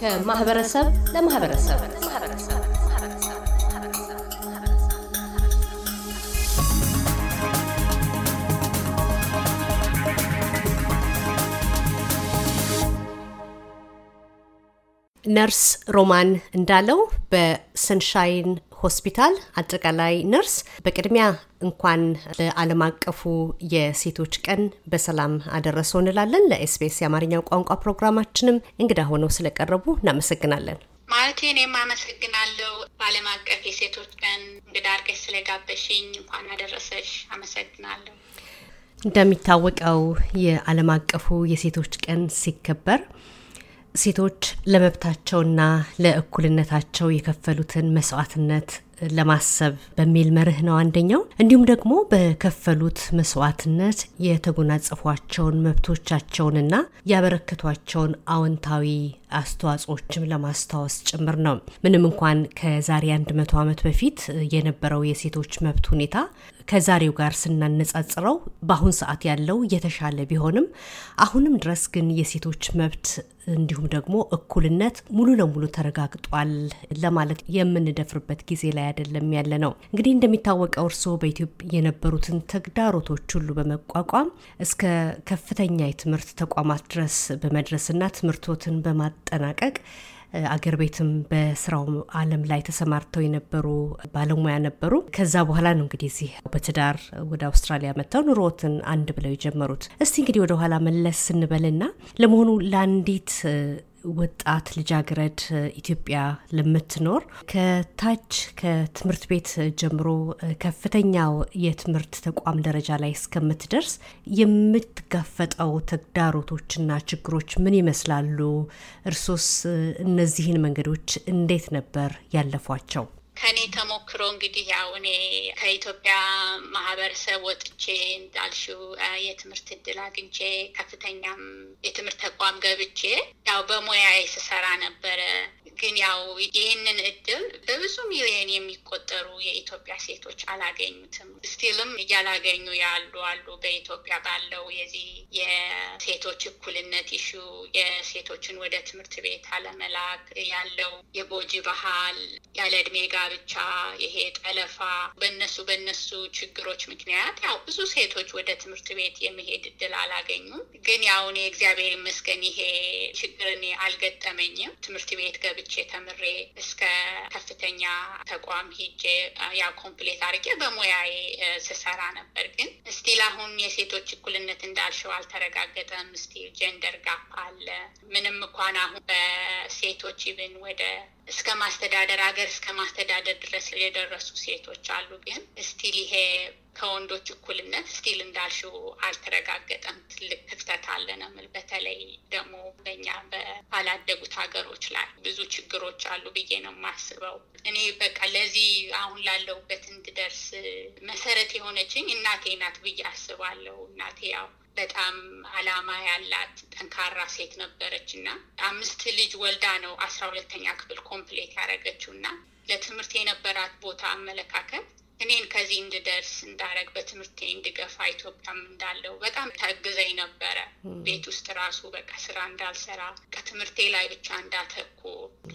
ከማህበረሰብ ለማህበረሰብ ነርስ ሮማን እንዳለው በሰንሻይን ሆስፒታል አጠቃላይ ነርስ፣ በቅድሚያ እንኳን ለዓለም አቀፉ የሴቶች ቀን በሰላም አደረሰው እንላለን። ለኤስቢኤስ የአማርኛው ቋንቋ ፕሮግራማችንም እንግዳ ሆነው ስለቀረቡ እናመሰግናለን። ማለት እኔም አመሰግናለሁ። በዓለም አቀፍ የሴቶች ቀን እንግዳ አድርገሽ ስለጋበሽኝ እንኳን አደረሰሽ። አመሰግናለሁ። እንደሚታወቀው የዓለም አቀፉ የሴቶች ቀን ሲከበር ሴቶች ለመብታቸውና ለእኩልነታቸው የከፈሉትን መስዋዕትነት ለማሰብ በሚል መርህ ነው አንደኛው። እንዲሁም ደግሞ በከፈሉት መስዋዕትነት የተጎናጸፏቸውን መብቶቻቸውንና ያበረከቷቸውን አዎንታዊ አስተዋጽኦችም ለማስታወስ ጭምር ነው። ምንም እንኳን ከዛሬ 100 ዓመት በፊት የነበረው የሴቶች መብት ሁኔታ ከዛሬው ጋር ስናነጻጽረው በአሁን ሰዓት ያለው የተሻለ ቢሆንም አሁንም ድረስ ግን የሴቶች መብት እንዲሁም ደግሞ እኩልነት ሙሉ ለሙሉ ተረጋግጧል ለማለት የምንደፍርበት ጊዜ ላይ ላይ አይደለም ያለ ነው። እንግዲህ እንደሚታወቀው እርስዎ በኢትዮጵያ የነበሩትን ተግዳሮቶች ሁሉ በመቋቋም እስከ ከፍተኛ የትምህርት ተቋማት ድረስ በመድረስና ትምህርቶትን በማጠናቀቅ አገር ቤትም በስራው ዓለም ላይ ተሰማርተው የነበሩ ባለሙያ ነበሩ። ከዛ በኋላ ነው እንግዲህ እዚህ በትዳር ወደ አውስትራሊያ መጥተው ኑሮትን አንድ ብለው የጀመሩት። እስቲ እንግዲህ ወደኋላ መለስ ስንበልና ለመሆኑ ለአንዲት ወጣት ልጃገረድ ኢትዮጵያ ለምትኖር ከታች ከትምህርት ቤት ጀምሮ ከፍተኛው የትምህርት ተቋም ደረጃ ላይ እስከምትደርስ የምትጋፈጠው ተግዳሮቶችና ችግሮች ምን ይመስላሉ? እርሶስ እነዚህን መንገዶች እንዴት ነበር ያለፏቸው? ከኔ ተሞክሮ እንግዲህ ያው እኔ ከኢትዮጵያ ማህበረሰብ ወጥቼ እንዳልሽው የትምህርት እድል አግኝቼ ከፍተኛም የትምህርት ተቋም ገብቼ ያው በሙያ ስሰራ ነበረ። ግን ያው ይህንን እድል በብዙ ሚሊዮን የሚቆጠሩ የኢትዮጵያ ሴቶች አላገኙትም። ስቲልም እያላገኙ ያሉ አሉ። በኢትዮጵያ ባለው የዚህ የሴቶች እኩልነት ይሹ የሴቶችን ወደ ትምህርት ቤት አለመላክ ያለው የጎጂ ባህል ያለ እድሜ ጋር ጋብቻ፣ ይሄ ጠለፋ፣ በነሱ በነሱ ችግሮች ምክንያት ያው ብዙ ሴቶች ወደ ትምህርት ቤት የመሄድ እድል አላገኙም። ግን ያው እኔ እግዚአብሔር ይመስገን ይሄ ችግር እኔ አልገጠመኝም። ትምህርት ቤት ገብቼ ተምሬ እስከ ከፍተኛ ተቋም ሂጄ ያው ኮምፕሌት አድርጌ በሙያዬ ስሰራ ነበር። ግን እስቲል አሁን የሴቶች እኩልነት እንዳልሸው አልተረጋገጠም። እስቲል ጀንደር ጋፕ አለ። ምንም እንኳን አሁን በሴቶች ይብን ወደ እስከ ማስተዳደር ሀገር እስከ ማስተዳደር ድረስ የደረሱ ሴቶች አሉ። ግን ስቲል ይሄ ከወንዶች እኩልነት ስቲል እንዳልሽው አልተረጋገጠም። ትልቅ ክፍተት አለ ነው የምልህ። በተለይ ደግሞ በኛ ባላደጉት ሀገሮች ላይ ብዙ ችግሮች አሉ ብዬ ነው የማስበው። እኔ በቃ ለዚህ አሁን ላለሁበት እንድደርስ መሰረት የሆነችኝ እናቴ ናት ብዬ አስባለሁ። እናቴ ያው በጣም አላማ ያላት ጠንካራ ሴት ነበረች እና አምስት ልጅ ወልዳ ነው አስራ ሁለተኛ ክፍል ኮምፕሌት ያደረገችው እና ለትምህርት የነበራት ቦታ አመለካከት እኔን ከዚህ እንድደርስ እንዳረግ በትምህርቴ እንድገፋ ኢትዮጵያም እንዳለው በጣም ታግዘኝ ነበረ። ቤት ውስጥ ራሱ በቃ ስራ እንዳልሰራ ከትምህርቴ ላይ ብቻ እንዳተኩ።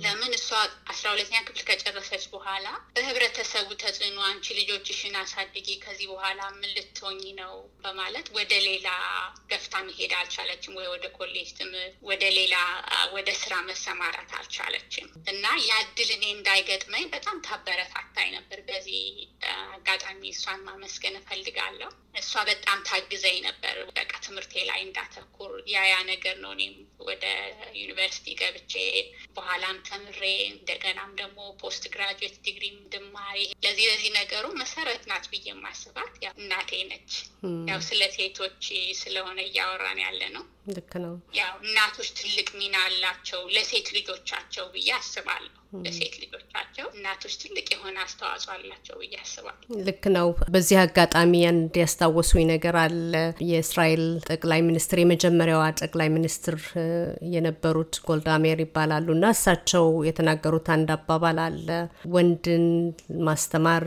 ለምን እሷ አስራ ሁለተኛ ክፍል ከጨረሰች በኋላ በህብረተሰቡ ተጽዕኖ አንቺ ልጆችሽን አሳድጊ ከዚህ በኋላ ምን ልትሆኚ ነው በማለት ወደ ሌላ ገፍታ መሄድ አልቻለችም፣ ወይ ወደ ኮሌጅ ትምህርት፣ ወደ ሌላ ወደ ስራ መሰማራት አልቻለችም እና ያድል እኔ እንዳይገጥመኝ በጣም ታበረታታኝ ነበር በዚህ አጋጣሚ እሷን ማመስገን እፈልጋለሁ። እሷ በጣም ታግዘኝ ነበር። በቃ ትምህርቴ ላይ እንዳተኩር ያያ ነገር ነው። እኔም ወደ ዩኒቨርሲቲ ገብቼ በኋላም ተምሬ እንደገናም ደግሞ ፖስት ግራጁዌት ዲግሪ ድማ ለዚህ ለዚህ ነገሩ መሰረት ናት ብዬ የማስባት ያው እናቴ ነች። ያው ስለ ሴቶች ስለሆነ እያወራን ያለ ነው። ልክ ነው። ያው እናቶች ትልቅ ሚና አላቸው ለሴት ልጆቻቸው ብዬ አስባለሁ። ለሴት ልጆቻቸው እናቶች ትልቅ የሆነ አስተዋጽኦ አላቸው ብዬ አስባለሁ። ልክ ነው። በዚህ አጋጣሚ እንዲያስታ ያስታወሱኝ ነገር አለ። የእስራኤል ጠቅላይ ሚኒስትር የመጀመሪያዋ ጠቅላይ ሚኒስትር የነበሩት ጎልዳ ሜር ይባላሉ እና እሳቸው የተናገሩት አንድ አባባል አለ። ወንድን ማስተማር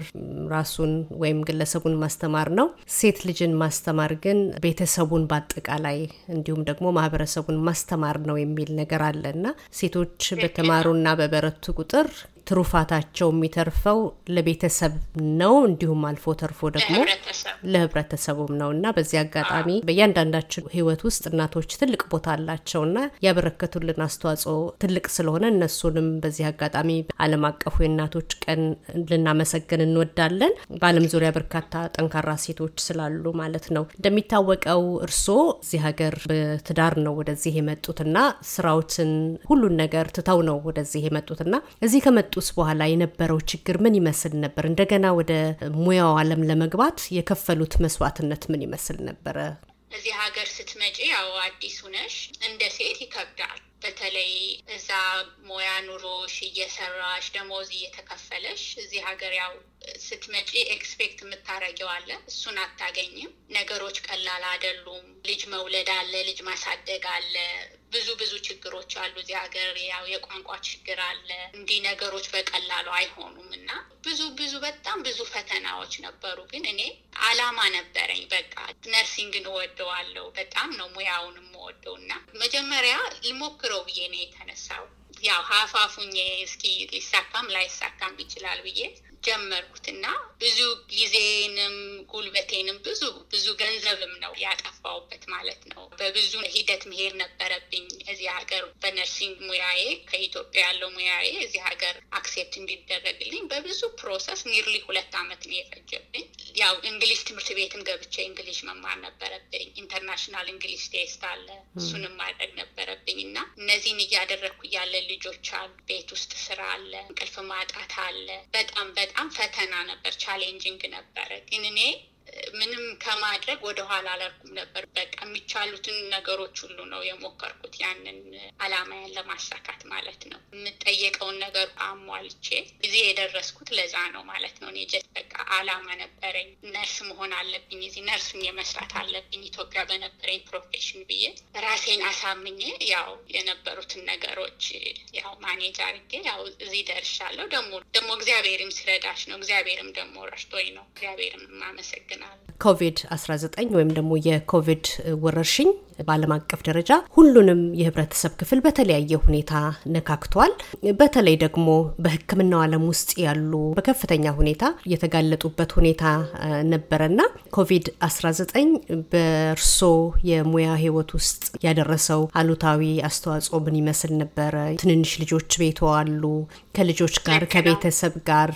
ራሱን ወይም ግለሰቡን ማስተማር ነው። ሴት ልጅን ማስተማር ግን ቤተሰቡን በአጠቃላይ እንዲሁም ደግሞ ማህበረሰቡን ማስተማር ነው የሚል ነገር አለ እና ሴቶች በተማሩና በበረቱ ቁጥር ትሩፋታቸው የሚተርፈው ለቤተሰብ ነው፣ እንዲሁም አልፎ ተርፎ ደግሞ ለህብረተሰቡም ነው እና በዚህ አጋጣሚ በእያንዳንዳችን ህይወት ውስጥ እናቶች ትልቅ ቦታ አላቸው እና ያበረከቱልን አስተዋጽኦ ትልቅ ስለሆነ እነሱንም በዚህ አጋጣሚ ዓለም አቀፉ የእናቶች ቀን ልናመሰግን እንወዳለን። በዓለም ዙሪያ በርካታ ጠንካራ ሴቶች ስላሉ ማለት ነው። እንደሚታወቀው እርስዎ እዚህ ሀገር በትዳር ነው ወደዚህ የመጡትና ስራዎችን ሁሉን ነገር ትተው ነው ወደዚህ የመጡትና እዚህ ከመጡ ከመጡስ በኋላ የነበረው ችግር ምን ይመስል ነበር? እንደገና ወደ ሙያው ዓለም ለመግባት የከፈሉት መስዋዕትነት ምን ይመስል ነበረ? እዚህ ሀገር ስትመጪ ያው አዲሱ ነሽ፣ እንደ ሴት ይከብዳል። በተለይ እዛ ሙያ ኑሮሽ እየሰራሽ ደሞዝ እየተከፈለሽ እዚህ ሀገር ያው ስትመጪ ኤክስፔክት የምታረጊው አለ፣ እሱን አታገኝም። ነገሮች ቀላል አይደሉም። ልጅ መውለድ አለ፣ ልጅ ማሳደግ አለ። ብዙ ብዙ ችግሮች አሉ እዚህ ሀገር። ያው የቋንቋ ችግር አለ። እንዲህ ነገሮች በቀላሉ አይሆኑም እና ብዙ ብዙ በጣም ብዙ ፈተናዎች ነበሩ። ግን እኔ አላማ ነበረኝ። በቃ ነርሲንግን እወደዋለሁ። በጣም ነው ሙያውን የምወደው እና መጀመሪያ ልሞክረው ብዬ ነው የተነሳው። ያው ሀፋፉኝ እስኪ ሊሳካም ላይሳካም ይችላል ብዬ ጀመርኩትና ብዙ ጊዜንም ጉልበቴንም ብዙ ብዙ ገንዘብም ነው ያጠፋውበት ማለት ነው። በብዙ ሂደት መሄድ ነበረብኝ እዚህ ሀገር በነርሲንግ ሙያዬ ከኢትዮጵያ ያለው ሙያዬ እዚህ ሀገር አክሴፕት እንዲደረግልኝ በብዙ ፕሮሰስ ኒርሊ ሁለት ዓመት ነው የፈጀብኝ። ያው እንግሊሽ ትምህርት ቤትም ገብቼ እንግሊሽ መማር ነበረብኝ። ኢንተርናሽናል እንግሊሽ ቴስት አለ፣ እሱንም ማድረግ ነበረብኝ እና እነዚህን እያደረግኩ ያለ ልጆች አሉ፣ ቤት ውስጥ ስራ አለ፣ እንቅልፍ ማጣት አለ። በጣም በጣም በጣም ፈተና ነበር፣ ቻሌንጂንግ ነበረ። ግን እኔ ምንም ከማድረግ ወደኋላ አላልኩም ነበር። በቃ የሚቻሉትን ነገሮች ሁሉ ነው የሞከርኩት ያንን አላማያን ለማሳካት ማለት ነው። የምጠየቀውን ነገር አሟልቼ ጊዜ የደረስኩት ለዛ ነው ማለት ነው። እኔ ጀስት በቃ አላማ ነበረኝ። ነርስ መሆን አለብኝ፣ እዚህ ነርሱኝ የመስራት አለብኝ ኢትዮጵያ በነበረኝ ፕሮፌሽን ብዬ ራሴን አሳምኜ ያው የነበሩትን ነገሮች ያው ማኔጅ አርጌ ያው እዚህ ደርሻለሁ። ደግሞ ደግሞ እግዚአብሔርም ስረዳሽ ነው። እግዚአብሔርም ደግሞ ረድቶኝ ነው። እግዚአብሔርም አመሰግናለሁ። ኮቪድ አስራ ዘጠኝ ወይም ደግሞ የኮቪድ ወረርሽኝ በዓለም አቀፍ ደረጃ ሁሉንም የህብረተሰብ ክፍል በተለያየ ሁኔታ ነካክቷል። በተለይ ደግሞ በሕክምናው ዓለም ውስጥ ያሉ በከፍተኛ ሁኔታ የተጋለጡበት ሁኔታ ነበረና ኮቪድ-19 በእርሶ የሙያ ህይወት ውስጥ ያደረሰው አሉታዊ አስተዋጽኦ ምን ይመስል ነበረ? ትንንሽ ልጆች ቤቶ አሉ። ከልጆች ጋር ከቤተሰብ ጋር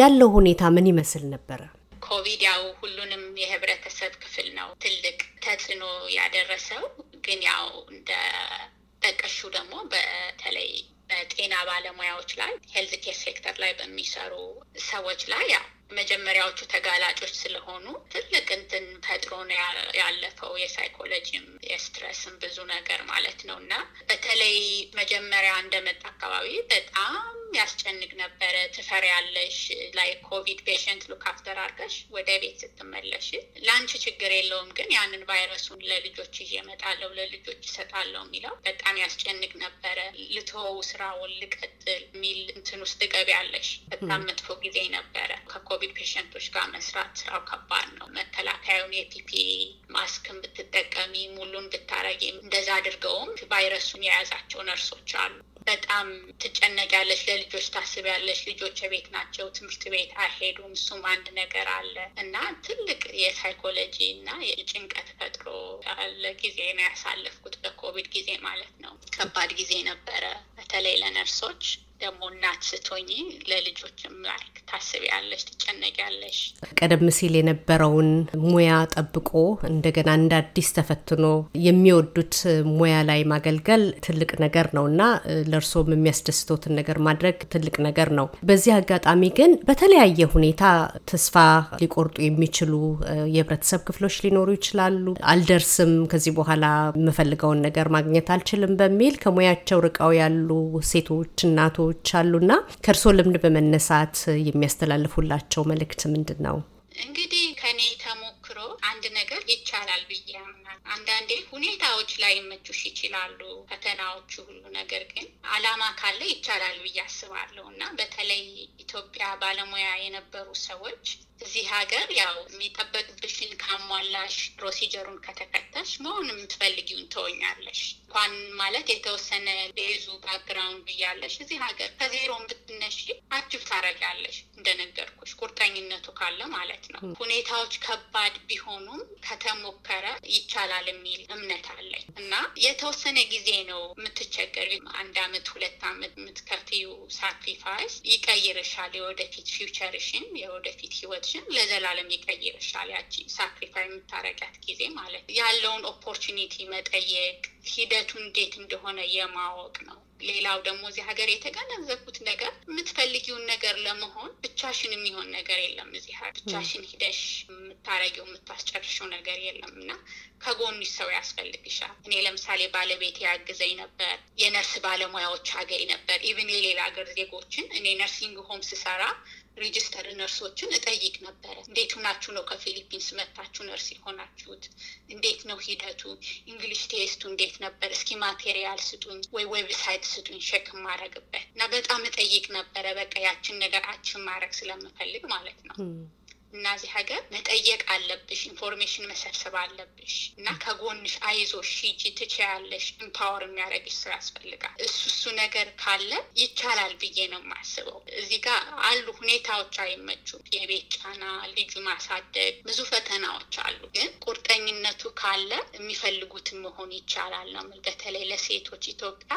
ያለው ሁኔታ ምን ይመስል ነበረ? ኮቪድ ያው ሁሉንም የህብረተሰብ ክፍል ነው ትልቅ ተጽዕኖ ያደረሰው። ግን ያው እንደ ጠቀሹ ደግሞ በተለይ በጤና ባለሙያዎች ላይ ሄልዝ ኬር ሴክተር ላይ በሚሰሩ ሰዎች ላይ ያው መጀመሪያዎቹ ተጋላጮች ስለሆኑ ትልቅ እንትን ፈጥሮ ያለፈው። የሳይኮሎጂም የስትረስም ብዙ ነገር ማለት ነው እና በተለይ መጀመሪያ እንደመጣ አካባቢ በጣም ያስጨንቅ ነበረ። ያለሽ ላይ ኮቪድ ፔሽንት ሉክ አፍተር ወደ ቤት ስትመለሽ ለአንቺ ችግር የለውም ግን ያንን ቫይረሱን ለልጆች እየመጣለው ለልጆች ይሰጣለሁ የሚለው በጣም ያስጨንቅ ነበረ። ልተወው ስራውን ልቀጥል የሚል እንትን ውስጥ ያለሽ በጣም መጥፎ ጊዜ ነበረ። ከኮቪድ ፔሽንቶች ጋር መስራት ስራው ከባድ ነው። መከላከያውን የፒፒ ማስክን ብትጠቀሚ ሙሉን ብታረጊ እንደዛ አድርገውም ቫይረሱን የያዛቸው ነርሶች አሉ። በጣም ትጨነቂያለች፣ ለልጆች ታስቢያለሽ። ልጆች ቤት ናቸው፣ ትምህርት ቤት አይሄዱም። እሱም አንድ ነገር አለ እና ትልቅ የሳይኮሎጂ እና የጭንቀት ፈጥሮ ያለ ጊዜ ነው ያሳለፍኩት። በኮቪድ ጊዜ ማለት ነው። ከባድ ጊዜ ነበረ፣ በተለይ ለነርሶች ደግሞ እናት ስትሆኚ ለልጆችም ላይክ ታስቢያለሽ፣ ትጨነቂያለሽ። ቀደም ሲል የነበረውን ሙያ ጠብቆ እንደገና እንደ አዲስ ተፈትኖ የሚወዱት ሙያ ላይ ማገልገል ትልቅ ነገር ነው እና ለእርሶም የሚያስደስቶትን ነገር ማድረግ ትልቅ ነገር ነው። በዚህ አጋጣሚ ግን በተለያየ ሁኔታ ተስፋ ሊቆርጡ የሚችሉ የህብረተሰብ ክፍሎች ሊኖሩ ይችላሉ። አልደርስም፣ ከዚህ በኋላ የምፈልገውን ነገር ማግኘት አልችልም በሚል ከሙያቸው ርቀው ያሉ ሴቶች፣ እናቶች ሰዎች አሉና ከእርሶ ልምድ በመነሳት የሚያስተላልፉላቸው መልእክት ምንድን ነው? እንግዲህ ከኔ ተሞክሮ አንድ ነገር ይቻላል ብዬ ያምናል። አንዳንዴ ሁኔታዎች ላይ መቹሽ ይችላሉ ፈተናዎቹ ሁሉ። ነገር ግን አላማ ካለ ይቻላል ብዬ አስባለሁ እና በተለይ ኢትዮጵያ ባለሙያ የነበሩ ሰዎች እዚህ ሀገር ያው የሚጠበቅብሽን ካሟላሽ፣ ፕሮሲጀሩን ከተከተሽ መሆን የምትፈልጊውን ትሆኛለሽ እንኳን ማለት የተወሰነ ቤዙ ባክግራውንድ እያለሽ እዚህ ሀገር ከዜሮ ብትነሺ አችብ ታረጋለሽ። እንደነገርኩሽ ቁርጠኝነቱ ካለ ማለት ነው። ሁኔታዎች ከባድ ቢሆኑም ከተሞከረ ይቻላል የሚል እምነት አለኝ እና የተወሰነ ጊዜ ነው የምትቸገር አንድ አመት ሁለት አመት የምትከፍዩ ሳክሪፋይስ ይቀይርሻል። የወደፊት ፊውቸርሽን የወደፊት ህይወትሽን ለዘላለም ይቀይርሻል። ያቺ ሳክሪፋይ የምታረጋት ጊዜ ማለት ያለውን ኦፖርቹኒቲ መጠየቅ ሂደት ሂደቱ እንዴት እንደሆነ የማወቅ ነው። ሌላው ደግሞ እዚህ ሀገር የተገነዘብኩት ነገር የምትፈልጊውን ነገር ለመሆን ብቻሽን የሚሆን ነገር የለም። እዚህ ሀገር ብቻሽን ሂደሽ የምታረጊው የምታስጨርሽው ነገር የለም እና ከጎንሽ ሰው ያስፈልግሻል። እኔ ለምሳሌ ባለቤት ያግዘኝ ነበር። የነርስ ባለሙያዎች አገኝ ነበር። ኢቭን የሌላ ሀገር ዜጎችን እኔ ነርሲንግ ሆም ስሰራ ሬጅስተር ነርሶችን እጠይቅ ነበረ። እንዴት ሁናችሁ ነው ከፊሊፒንስ መታችሁ ነርስ የሆናችሁት? እንዴት ነው ሂደቱ? እንግሊሽ ቴስቱ እንዴት ነበር? እስኪ ማቴሪያል ስጡኝ ወይ ዌብሳይት ስጡኝ ሸክ ማድረግበት እና በጣም እጠይቅ ነበረ። በቃ ያችን ነገር አችን ማድረግ ስለምፈልግ ማለት ነው። እና እዚህ ሀገር መጠየቅ አለብሽ፣ ኢንፎርሜሽን መሰብሰብ አለብሽ እና ከጎንሽ አይዞሽ፣ ሂጂ፣ ትችያለሽ ኢምፓወር የሚያደርግሽ ስራ ያስፈልጋል። እሱ እሱ ነገር ካለ ይቻላል ብዬ ነው የማስበው። እዚህ ጋር አሉ ሁኔታዎች አይመቹም፣ የቤት ጫና፣ ልጁ ማሳደግ፣ ብዙ ፈተናዎች አሉ። ግን ቁርጠኝነቱ ካለ የሚፈልጉትን መሆን ይቻላል ነው በተለይ ለሴቶች ኢትዮጵያ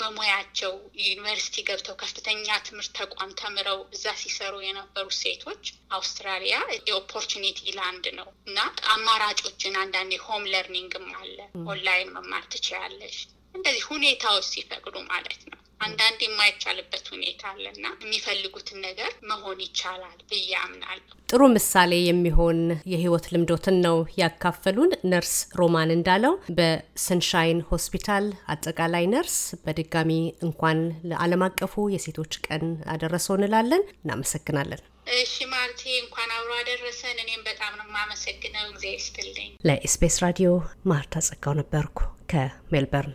በሙያቸው ዩኒቨርሲቲ ገብተው ከፍተኛ ትምህርት ተቋም ተምረው እዛ ሲሰሩ የነበሩ ሴቶች አውስትራሊያ የኦፖርቹኒቲ ላንድ ነው እና አማራጮችን አንዳንዴ ሆም ለርኒንግም አለ ኦንላይን መማር ትችላለች። እንደዚህ ሁኔታዎች ሲፈቅዱ ማለት ነው። አንዳንድ የማይቻልበት ሁኔታ አለና የሚፈልጉትን ነገር መሆን ይቻላል ብዬ አምናለሁ። ጥሩ ምሳሌ የሚሆን የህይወት ልምዶትን ነው ያካፈሉን ነርስ ሮማን እንዳለው በሰንሻይን ሆስፒታል አጠቃላይ ነርስ። በድጋሚ እንኳን ለዓለም አቀፉ የሴቶች ቀን አደረሰው እንላለን። እናመሰግናለን። እሺ ማርቲ፣ እንኳን አብሮ አደረሰን። እኔም በጣም ነው የማመሰግነው። እግዜር ይስጥልኝ። ለኤስፔስ ራዲዮ ማርታ ጸጋው ነበርኩ ከሜልበርን።